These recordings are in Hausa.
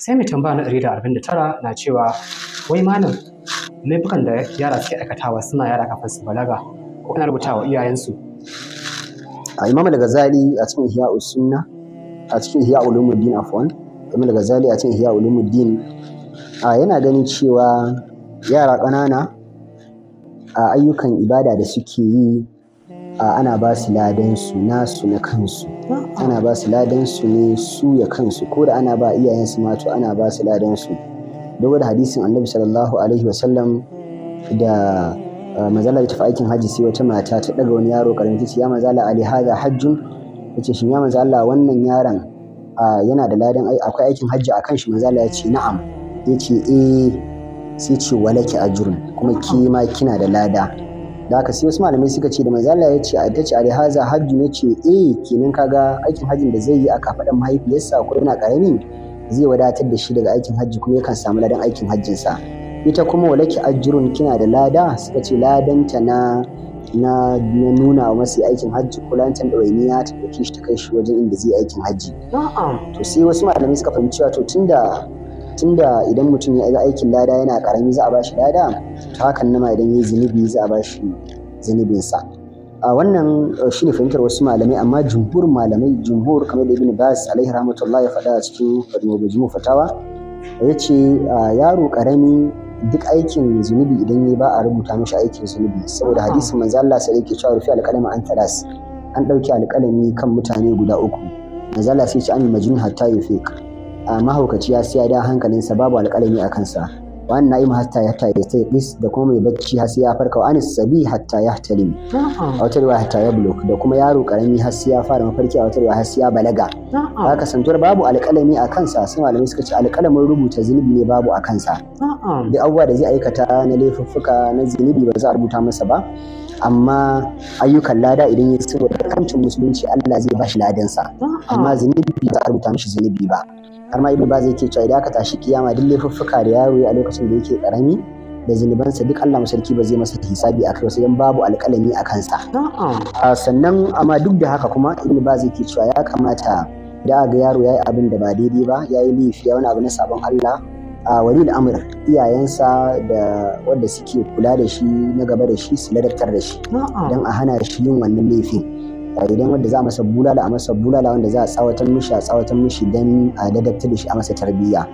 sai mai tambaya na ɗari da arba'in da tara na cewa wai malam laifukan da yara suke aikatawa suna yara kafin su balaga ko ana rubuta wa iyayensu a imam daga zali a cikin hiya usunna a cikin hiya ulumuddin afwan imam daga zali a cikin hiya ulumuddin a yana ganin cewa yara ƙanana a ayyukan ibada da suke yi ana ba su ladan su nasu na kansu ana ba su ladan su ne su ya kansu ko da ana ba iyayen su ma to ana ba su ladan su duk da hadisin annabi sallallahu alaihi wasallam da mazala ta aikin hajji sai wata mata ta daga wani yaro karami ya mazala ali hada hajjun yace shin ya manzo wannan yaron yana da ladan akwai aikin hajji akan shi manzo yace na'am yace eh sai ce walaki ajrun kuma kima kina da lada da haka sai wasu malamai suka ce da manzo ya ce a tace a haza hajji ne ce eh kenan kaga aikin hajjin da zai yi a kafadan mahaifiyarsa ko yana karami zai wadatar da shi daga aikin hajji kuma yakan samu ladan aikin hajjinsa ita kuma walaki ajrun kina da lada suka ce ladanta na na na nuna wa masu aikin hajji ko lantan ɗawainiya ta dauke shi ta kai shi wajen inda zai aikin hajji. To sai wasu malamai suka fahimci cewa to tunda tunda idan mutum ya ga aikin lada yana karami za a bashi lada ta hakan nama idan ya yi zunubi za a bashi zunubinsa a wannan uh, shi ne fahimtar wasu malamai amma jumhur malamai jumhur kamar da ibn bas alaihi rahmatullah ya faɗa a cikin fadimo fatawa ya ce uh, yaro karami duk aikin zunubi idan ya ba a rubuta mishi aikin zunubi saboda hadisin manzo Allah sai yake cewa rufi alƙalami an talas an ɗauki alƙalami kan mutane guda uku manzo Allah sai ya ce an majnun hatta yufiq mahaukaci ya siya da hankalinsa babu alƙalami a kansa wannan na'im hatta ya sai bis da kuma mai bacci har sai ya farka wa sabi hatta ya a wata riwaya hatta ya blok da kuma yaro karami har sai ya fara mafarki a wata riwaya har sai ya balaga haka santuwar babu alƙalami a kansa sai malamai suka ce alƙalamin rubuta zunubi ne babu a kansa duk abubuwa da zai aikata na laifuffuka na zunubi ba za a rubuta masa ba amma ayyukan lada idan ya saboda kancin musulunci Allah zai bashi ladansa amma zunubi ba a rubuta mishi zunubi ba har ma ba zai ke cewa idan aka tashi kiyama duk laifuffuka da yaro a lokacin da yake karami da zunubansa duk Allah masarki ba zai masa hisabi a kai don babu alƙalami a kansa sannan amma duk da haka kuma ba zai ke cewa ya kamata da ga yaro yayi abin da ba daidai ba yayi laifi ya wani abu na sabon Allah a wani al'amur iyayensa da wanda suke kula da shi na gaba da shi su ladabtar da shi don a hana shi yin wannan laifin idan wanda za a masa bulala a masa bulala wanda za a tsawatar mishi a tsawatar mishi dan a dadabta da shi a masa tarbiyya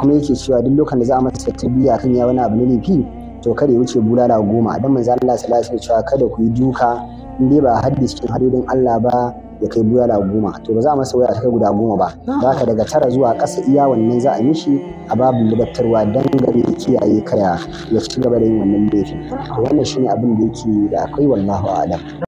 kuma yake cewa duk lokacin da za a masa tarbiyya kan ya wani abu na laifi to kada ya wuce bulala goma dan manzo Allah sallallahu alaihi cewa kada ku yi duka in dai ba haddi cikin hadodin Allah ba ya kai bulala goma to ba za a masa waya ta guda goma ba ka daga tara zuwa ƙasa iya wannan za a yi shi a babu ladabtarwa dan gari ya kiyaye kaya ya ci gaba da yin wannan laifin to wannan shine abin da yake da akwai wallahu a'lam